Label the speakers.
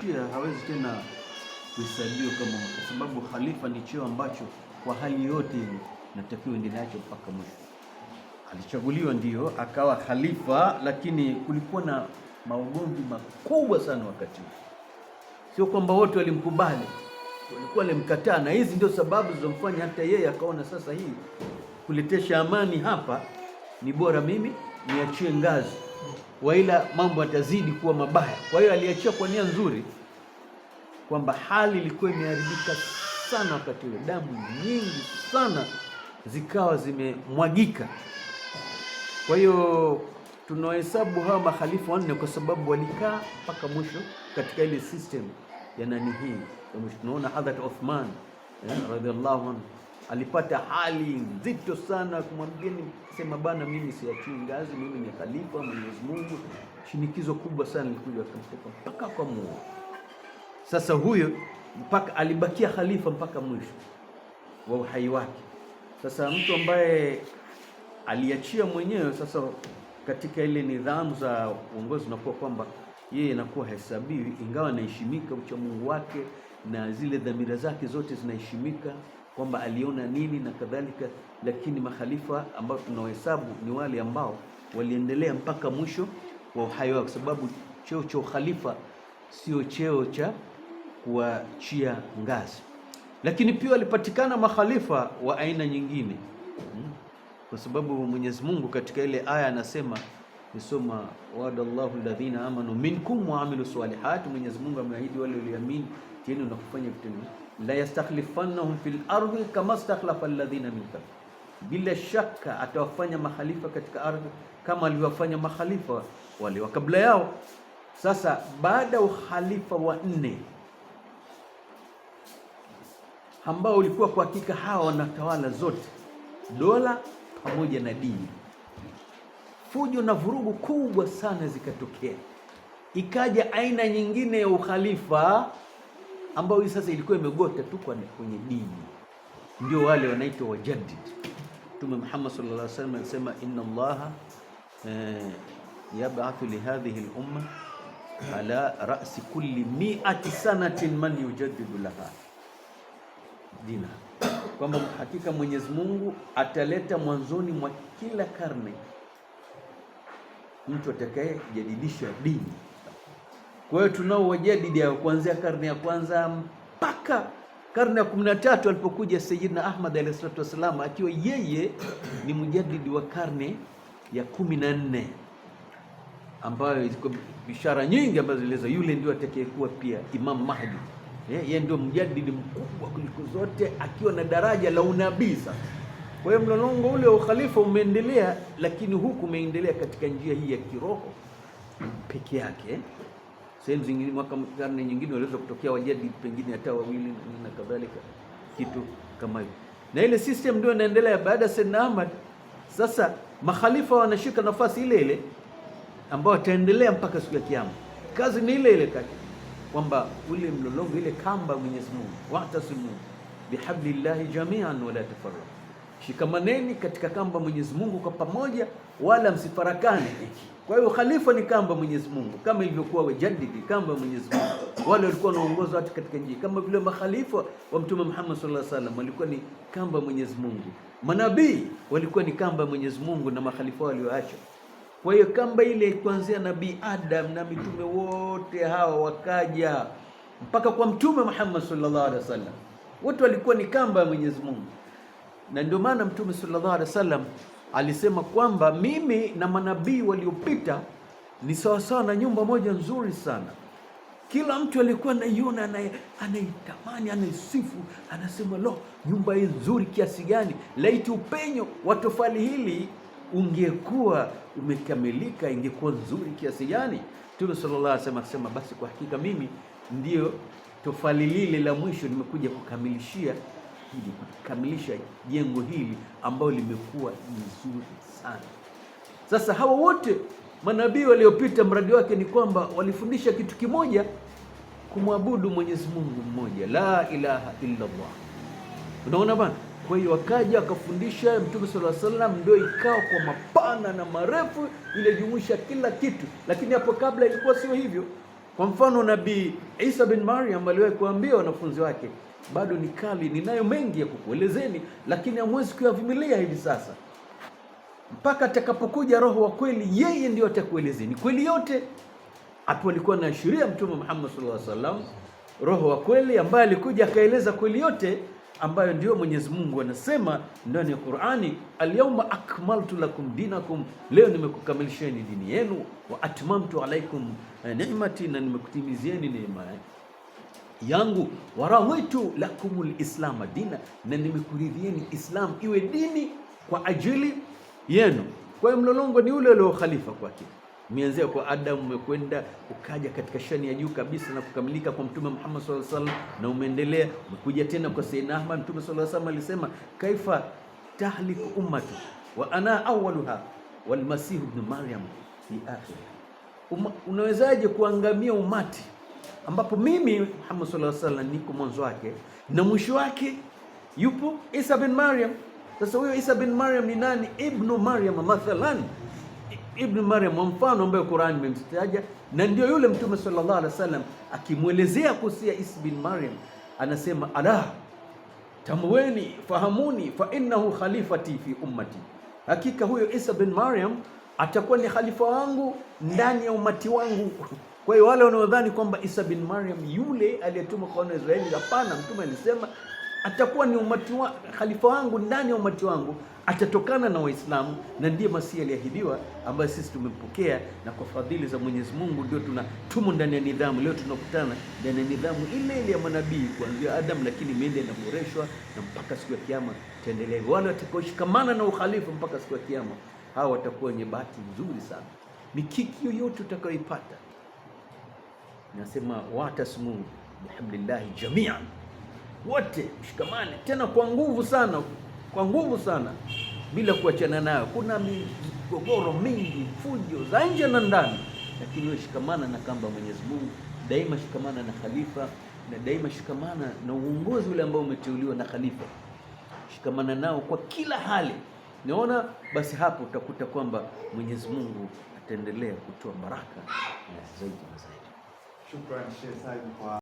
Speaker 1: Pia hawezi tena kuhesabiwa kama, kwa sababu khalifa ni cheo ambacho kwa hali yote ile natakiwa endelea nacho mpaka mwisho. Alichaguliwa ndio akawa khalifa, lakini kulikuwa na maugomvi makubwa sana wakati huo. Sio kwamba wote walimkubali, walikuwa walimkataa, na hizi ndio sababu zilizomfanya hata yeye akaona sasa, hii kuletesha amani hapa ni bora mimi niachie ngazi waila mambo yatazidi kuwa mabaya. Kwa hiyo aliachia kwa nia nzuri, kwamba hali ilikuwa imeharibika sana wakati ule, damu nyingi sana zikawa zimemwagika. Kwa hiyo tunawahesabu hawa makhalifa wanne kwa sababu walikaa mpaka mwisho katika ile system ya nani hii. Tunaona Hadhrat Uthman eh, radhiallahu anhu alipata hali nzito sana, kumwambia sema bana, mimi siachii ngazi, mimi ni khalifa Mwenyezi Mungu. Shinikizo kubwa sana likuja mpaka muo. Sasa huyo mpaka alibakia khalifa mpaka mwisho wa uhai wake. Sasa mtu ambaye aliachia mwenyewe, sasa katika ile nidhamu za uongozi unakuwa kwamba yeye inakuwa hesabiwi, ingawa anaheshimika uchamungu wake na zile dhamira zake zote zinaheshimika kwamba aliona nini na kadhalika, lakini makhalifa ambao tunaohesabu ni wale ambao waliendelea mpaka mwisho wa uhai wao, kwa sababu cheo cha ukhalifa sio cheo cha kuachia ngazi. Lakini pia walipatikana makhalifa wa aina nyingine, hmm? kwa sababu Mwenyezi Mungu katika ile aya anasema nisoma wadallahu alladhina amanu minkum wa amilu salihati, Mwenyezi Mungu ameahidi wale walioamini tendo na kufanya vitu la yastakhlifannahum fil ardi kama stakhlafa alladhina min qabl, bila shaka atawafanya mahalifa katika ardhi kama alivyofanya mahalifa wale wa kabla yao. Sasa baada ya uhalifa wa nne ambao ulikuwa kwa hakika hawa wanatawala zote, dola pamoja na dini, fujo na vurugu kubwa sana zikatokea. Ikaja aina nyingine ya uhalifa ambayo hii sasa ilikuwa imegota tu kwenye dini, ndio wale wanaitwa wajaddid. Mtume Muhammad sallallahu alaihi wasallam alisema inna Allaha eh, yab'athu li hadhihi al-umma ala ra'si kulli mi'ati sanatin man yujaddidu laha dina, kwamba hakika Mwenyezi Mungu ataleta mwanzoni mwa kila karne mtu atakayejadilisha dini kwa hiyo tunao wajadidi hao kuanzia karne ya kwanza mpaka karne ya kumi na tatu alipokuja Sayyidina Ahmad alayhi salatu akiwa yeye ni mujadidi wa karne ya kumi na nne ambayo iko bishara nyingi ambazo zilizo yule ndio atakayekuwa pia Imam Mahdi. Eh, yeye yeah, ndio mjadidi mkubwa kuliko zote, akiwa na daraja la unabii sasa. Kwa hiyo mlolongo ule wa ukhalifa umeendelea, lakini huku umeendelea katika njia hii ya kiroho peke yake sehemu zingine mwaka karne nyingine waliweza kutokea wajadi pengine hata wawili na kadhalika, kitu kama hiyo. Na ile system ndio inaendelea baada ya Sayyidna Ahmad. Sasa makhalifa wanashika nafasi ile ile ambayo ataendelea mpaka siku ya Kiyama. Kazi ni ile ile kati kwamba ule mlolongo, ile kamba Mwenyezi Mungu, watasimu bihablillahi jamian wala tafarraqu, shikamaneni katika kamba Mwenyezi Mungu kwa pamoja, wala msifarakane. Kwa hiyo khalifa ni kamba Mwenyezi Mungu, kama ilivyokuwa wajadidi kamba Mwenyezi Mungu, wale walikuwa wanaongoza watu katika njia, kama vile makhalifa wa Mtume Muhammad sallallahu alaihi wasallam walikuwa ni kamba Mwenyezi Mungu, manabii walikuwa ni kamba Mwenyezi Mungu na makhalifa walioacha. Kwa hiyo kamba ile kuanzia Nabii Adam na mitume wote hawa wakaja mpaka kwa Mtume Muhammad sallallahu alaihi wasallam, wote walikuwa ni kamba ya Mwenyezi Mungu, na ndio maana Mtume sallallahu alaihi wasallam alisema kwamba mimi na manabii waliopita ni sawasawa na nyumba moja nzuri sana. Kila mtu alikuwa anaiona, anaitamani, anaisifu, anasema lo, nyumba hii nzuri kiasi gani! Laiti upenyo wa tofali hili ungekuwa umekamilika, ingekuwa nzuri kiasi gani! Mtume sallallahu alaihi wasallam akasema, basi kwa hakika mimi ndiyo tofali lile la mwisho nimekuja kukamilishia ili kukamilisha jengo hili ambalo limekuwa nzuri sana. Sasa hawa wote manabii waliopita, mradi wake ni kwamba walifundisha kitu kimoja, kumwabudu Mwenyezi Mungu mmoja, la ilaha illa Allah. Unaona bana? Kwa hiyo wakaja wakafundisha, Mtume sallallahu alaihi ndio ikawa kwa mapana na marefu, iliyojumuisha kila kitu, lakini hapo kabla ilikuwa sio hivyo. Kwa mfano Nabii Isa bin Maryam aliwahi kuambia wanafunzi wake, bado ni kali, ninayo mengi ya kukuelezeni, lakini hamwezi kuyavumilia hivi sasa, mpaka atakapokuja Roho wa kweli, yeye ndiyo atakuelezeni kweli yote. Hapo alikuwa anaashiria Mtume Muhammad sallallahu alaihi wasallam, Roho wa kweli ambaye alikuja akaeleza kweli yote ambayo ndio Mwenyezi Mungu anasema ndani ya Qur'ani, alyawma akmaltu lakum dinakum, leo nimekukamilisheni dini yenu, wa atmamtu alaikum ni'mati, na nimekutimizieni neema yangu, waraditu lakum lislama dina, na nimekuridhieni Islam iwe dini kwa ajili yenu. Kwa hiyo mlolongo ni ule ule wa khalifa kwake umeanzia kwa adam umekwenda ukaja katika shani ya juu kabisa na kukamilika kwa Mtume Muhammad sallallahu alaihi wasallam, na umeendelea umekuja tena kwa Sayyidina Ahmad. Mtume sallallahu alaihi wasallam alisema kaifa tahliku ummati wa ana awwaluha walmasihu ibn Maryam fi akhir. unawezaje kuangamia umati ambapo mimi Muhammad sallallahu alaihi wasallam niko mwanzo wake na mwisho wake yupo Isa bin Maryam. Sasa huyo Isa bin Maryam ni nani? Ibnu Maryam mathalan Ibn Maryam wa mfano ambayo Qur'an imemtaja, na ndio yule Mtume sallallahu alaihi wasallam akimwelezea kuhusu Isa bin Maryam anasema ala tamweni, fahamuni, fa innahu khalifati fi ummati, hakika huyo Isa bin Maryam atakuwa ni khalifa wangu ndani ya umati wangu. Kwa hiyo wale wanaodhani kwamba Isa bin Maryam yule aliyetumwa kwa Israeli, hapana, mtume alisema atakuwa ni umati wa khalifa wangu ndani ya umati wangu atatokana na Waislamu, na ndiye Masihi aliahidiwa ambaye sisi tumempokea, na kwa fadhili za Mwenyezi Mungu ndio tuna tumo ndani ya nidhamu. Leo tunakutana ndani ya nidhamu ile ile ya manabii kuanzia Adam, lakini imeenda inaboreshwa na mpaka siku ya Kiyama taendelea hivyo. Wale watakaoshikamana na ukhalifa mpaka siku ya Kiyama, hawa watakuwa wenye bahati nzuri sana. Mikiki yoyote utakayoipata, nasema watasmu bihamdillahi jamian wote mshikamane tena kwa nguvu sana, kwa nguvu sana, bila kuachana nayo. Kuna migogoro mingi, fujo za nje na ndani, lakini shikamana na kamba Mwenyezi Mungu daima, shikamana na khalifa na daima shikamana na uongozi ule ambao umeteuliwa na khalifa, shikamana nao kwa kila hali. Naona basi hapo utakuta kwamba Mwenyezi Mungu ataendelea kutoa baraka na eh, zaidi na zaidi. Shukrani Sheikh Said kwa